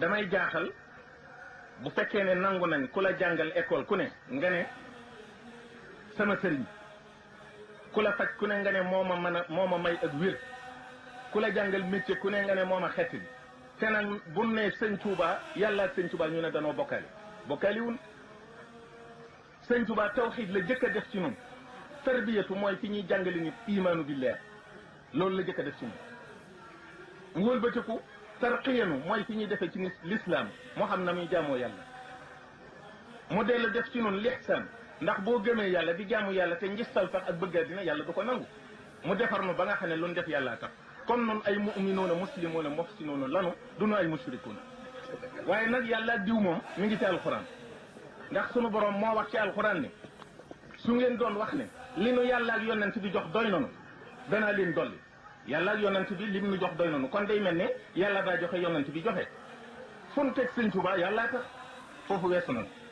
damay jaaxal bu fekkee ne nangu nañ ku la jàngal école ku ne nga ne sama sëriñ ku la faj ku ne nga ne moo ma mën moo ma may ak wér ku la jàngal métier ku ne nga ne moo ma xetti bi te nag bu ne sëñ Touba yàlla ak sëñ ñu ne danoo bokkaale bokkaaliwun sëñ Touba tawxiid la jëkk a def ci ñun tarbiyatu mooy fi ñuy jàngale nit imaanu billaah loolu la jëkk a def ci ñun wëlbatiku ترقينو موي في ني الاسلام مو خام نامي جامو يالا موديل ديف الاحسان ناخ بو گيمي دي جامو يالا تي نجيستال فاخ اك بگال دينا يالا دوكو نانغو لون ديف يالا تاب كون نون اي مؤمنون مسلمون محسنون لانو دونو اي مشركون واي نك يالا ديو موم ميغي القران ناخ سونو بروم مو القران ني دون واخ لينو يالا ك يونن سي دي جوخ لين دولي yàlla ak yonent bi lim nu jox doy noonu kon day mel ne yàlla daa joxe yonent bi joxe fu nu teg sëñ Tuubaa yàllaa tax foofu weesu na